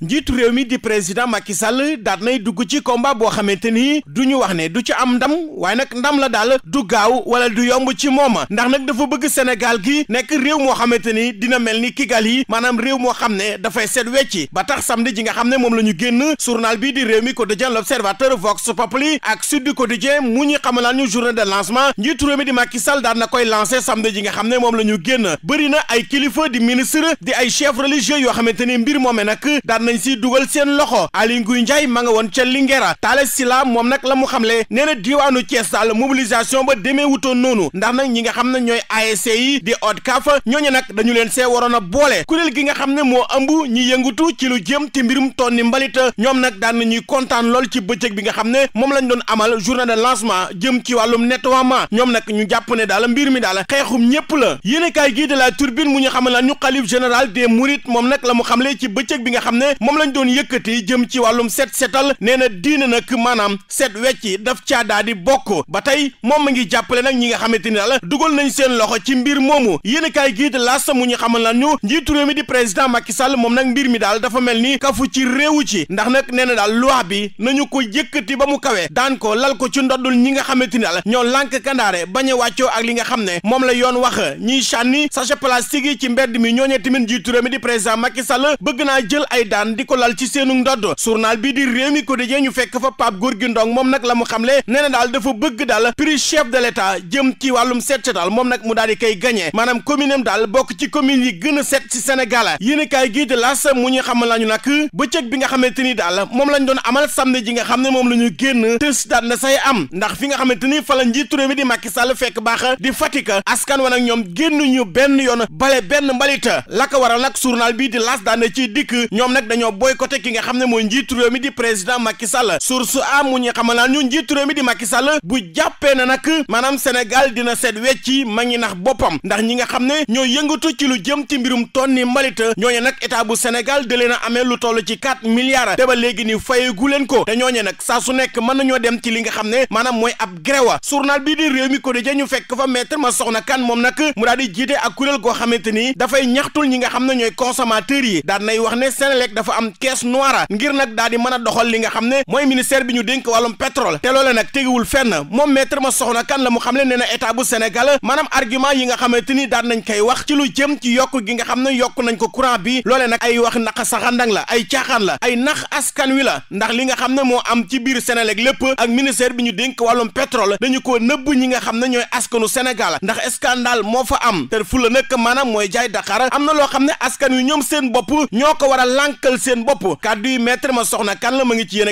njiitu réew mi di président Macky Sall daat nay dugg ci combat boo xamante ni du ñu wax ne du ci am ndam waaye nag ndam la daal du gaaw wala du yomb ci moom ndax nag dafa bëgg Sénégal gi nekk réew moo xamante ni dina mel ni yi maanaam réew moo xam ne dafay set wecci ba tax samedi ji nga ne moom la ñu génn journal bii di réew mi quotidien l'observateur Vox Populi ak Sud Quotidien mu ñu xamalaan ñu journée de lancement njiitu réew mi di Macky Sall daat na lancé samedi ji nga xam ne moom la ñu génn bëri na ay kilifa di ministre di ay chef religieux yoo xamante ni mbir moomee nag nañ siy dugal seen loxo Aly Ngouille Ndiaye ma nga woon ca Linguère Talla Sylla moom nag la mu xamle nee na diwaanu Thiès daal mobilisation ba demee wutoon noonu ndax nag ñi nga xam ne ñooy ASC yi di ODCAV ñooñu nag dañu leen see waroon a boole kuréel gi nga xam ne moo ëmb ñi yëngatu ci lu jëm ci mbirum tonni mbalit ñoom nag daan nañuy kontaan lool ci bëccëg bi nga xam ne moom lañ doon amal journée de lancement jëm ci wàllum nettoiement ñoom nag mi daal xeexum la yéen a kaay gii de la ne moom lañ doon yëkkati jëm ci wàllum set setal nee na diine nag maanaam set wecci daf caa daa di bokk ba tey moom mi ngi jàppale nag ñi nga xamante ni daal dugal nañ seen loxo ci mbir moomu yéen gii de laas mu ñu xamal lan ñu njiitu mi di président Macky Sall moom nag mbir mi daal dafa mel nii kafu ci réewu ci ndax nag nee na daal loi bi nañu ko yëkkati ba mu kawee daan ko lal ko ci ndoddul ñi nga xamante ni daal ñoo lànk kandaare ba a wàccoo ak li nga xam ne moom la yoon wax ñiy sànni sachet plastique yi ci mbedd mi ñooñee tamit njiitu réew mi di président Macky Sall bëgg naa jël ay daal daan di ko lal ci seenu ndodd journal bi di réew mi quotidien ñu fekk fa Pape Gorgui Ndong moom nag la mu xamle nee na daal dafa bëgg daal prix chef de l'État jëm ci wàllum set daal moom nag mu daal di koy gagné maanaam commune am bokk ci commune yi gën a set ci Sénégal yéenekaay gii di L'As mu ñu xamal lañu nag bëccëg bi nga xamante ni daal moom lañ doon amal samedi ji nga xam ne moom la ñu génn tës daal na say am ndax fi nga xamante ni fa la njiitu réew mi di Macky Sall fekk baax di wa nag ñoom génn ñu benn la ko waral nag dañoo boycotté ki nga xam ne mooy njiitu réew mi di président Macky Sall source a mu ñu xamal naa ñu njiitu réew mi di Macky bu jàppee na nag maanaam Sénégal dina seet wecci ma ngi nax boppam ndax ñi nga xam ne ñoo yëngatu ci lu jëm ci mbirum tonni mbalit ñooñu nag état bu Sénégal da leen a amee lu toll ci quatre milliards te ba léegi ni fayegu leen ko te ñooñu nag saa su nekk mën nañoo dem ci li nga xam ne maanaam mooy ab gréwa journal bii di réew mi ko ñu fekk fa maître ma soxna kan moom nag mu daal di jiite ak kuréel goo xamante ni dafay ñaxtul ñi nga xam ne ñooy consommateurs yi daan nay wax ne Sénélec dafa am caisse noire ngir nag daal di mën a doxal li nga xam ne mooy ministère bi ñu dénk wàllum pétrole te loole nag tegiwul fenn moom maître ma soxna kan la mu xam le nee na état bu Sénégal maanaam argument yi nga xamante ni daan nañ koy wax ci lu jëm ci yokk gi nga xam ne yokk nañ ko courant bi loole nag ay wax nax saxandang la ay caaxaan la ay nax askan wi la ndax li nga xam ne moo am ci biir Sénélec lépp ak ministère bi ñu dénk wàllum pétrole dañu ko nëbb ñi nga xam ne ñooy askanu Sénégal ndax scandale moo fa am te fu la nag maanaam mooy jaay Dakar am na loo xam ne askan wi ñoom seen bopp ñoo ko a lànkal fajal seen bopp kàddu yi maître ma soxna kan la ma ngi gi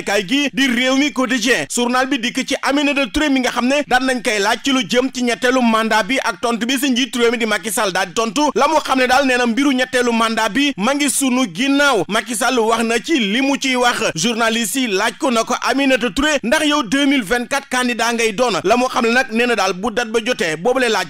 di réew mi quotidien journal bi dikk ci Aminata Touré mi nga xam ne daan nañ laaj ci lu jëm ci ñetteelu mandat bi ak tontu bi si njiit réew mi di Macky Sall di tontu la mu xam ne daal nee na mbiru ñetteelu mandat bi ma ngi sunu ginnaaw Macky Sall wax na ci li mu ciy wax journaliste laaj ko na ko Aminata ndax yow 2024 candidat ngay doon la mu xam ne nag nee na daal bu dat ba jotee boobule laaj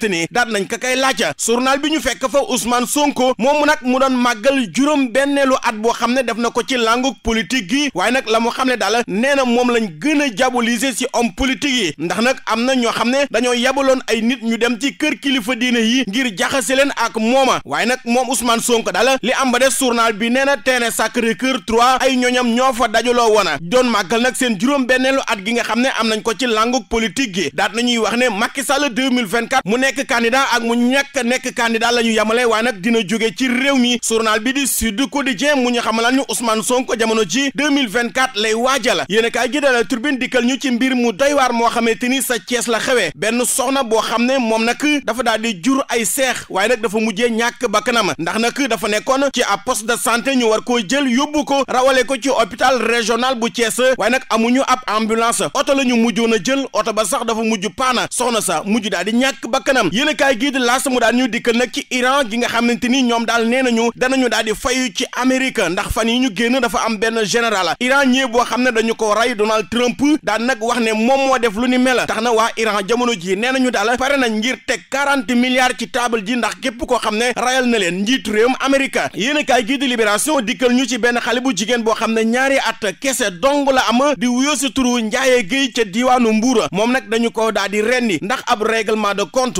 xamante ni daan nañ ko kay laaj journal bi ñu fekk fa Ousmane Sonko moom nag mu doon màggal juróom benneelu at boo xam ne def na ko ci langue politique gi waaye nag la mu xam ne dala nee na moom lañ gën a diaboliser ci om politique yi ndax nag am na ñoo xam ne dañoo yabaloon ay nit ñu dem ci kër kilifa diine yi ngir jaxase leen ak mooma waaye nag moom Ousmane sonk dala li am ba des journal bi nee na terrain Sacré-Cœur 3 ay ñoñam ñoo fa dajaloo woon doon màggal nag seen juróom benneelu at gi nga ne am nañ ko ci langue politique gi daat nañuy wax ne Macky Sall 2024 nekk candidat ak mu ñàkk nekk candidat la ñu yamale waaye nag dina jóge ci réew mi journal bi di Sud Quotidien mu ñu xamalaan ñu Ousmane Sonko jamono ji 2024 lay waajal yéen kaay gi dala turbine dikkal ñu ci mbir mu doy waar moo xamante ni sa Cees la xewe benn soxna boo xam ne moom nag dafa daal di jur ay seex waaye nag dafa mujjee ñàkk bakkanam ndax nag dafa nekkoon ci ab post de santé ñu war koo jël yóbbu ko rawale ko ci hôpital régional bu Cees waaye nag amuñu ab ambulance oto la ñu mujjoon a jël oto ba sax dafa mujj paana soxna sa mujj daal di ñàkk askanam yéen a kaay gii di laas mu daan ñu dikkal nag ci Iran gi nga xamante ni ñoom daal nee nañu danañu daal di fay ci Amérique ndax fan yi ñu génn dafa am benn général Iran ñee boo xam ne dañu ko rey Donald Trump daan nag wax ne moom moo def lu ni mel tax na waa Iran jamono ji nee nañu daal pare nañ ngir teg quarante milliards ci taabal ji ndax képp koo xam ne rayal na leen njiitu réewum Amérique yéen a kaay gii di libération dikkal ñu ci benn xale bu jigéen boo xam ne ñaari at kese dong la am di wuyoo si turu Ndiaye Guèye ca diwaanu Mbour moom nag dañu ko daal di rendi ndax ab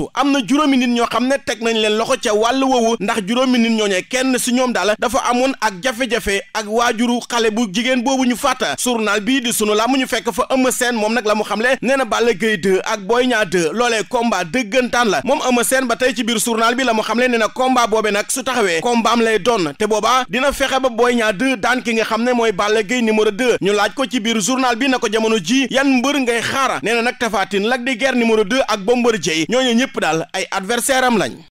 faatu am na juróomi nit ñoo xam ne teg nañ leen loxo ca wàll woowu ndax juróomi nit ñooñee kenn si ñoom daal dafa amoon ak jafe-jafe ak waajuru xale bu jigéen boobu ñu faata journal bii di sunu làmb ñu fekk fa Eumeu Sène moom nag la mu xamle nee na Balla Gaye 2 ak Boy Niang 2 loolee combat dëggantaan la moom Eumeu Sène ba tey ci biir journal bi la xam xamle nee na combat boobee nag su taxawee combat am lay doon te booba dina fexe ba Boy ñaa 2 daan ki nga xam ne mooy Balla Gaye numéro 2 ñu laaj ko ci biir journal bi na ko jamono ji yan mbër ngay xaara nee na nag Tapha Tine Lac de Guiers numéro 2 ak Bombardier ñooñu ñëpp daal ay adversaire am lañ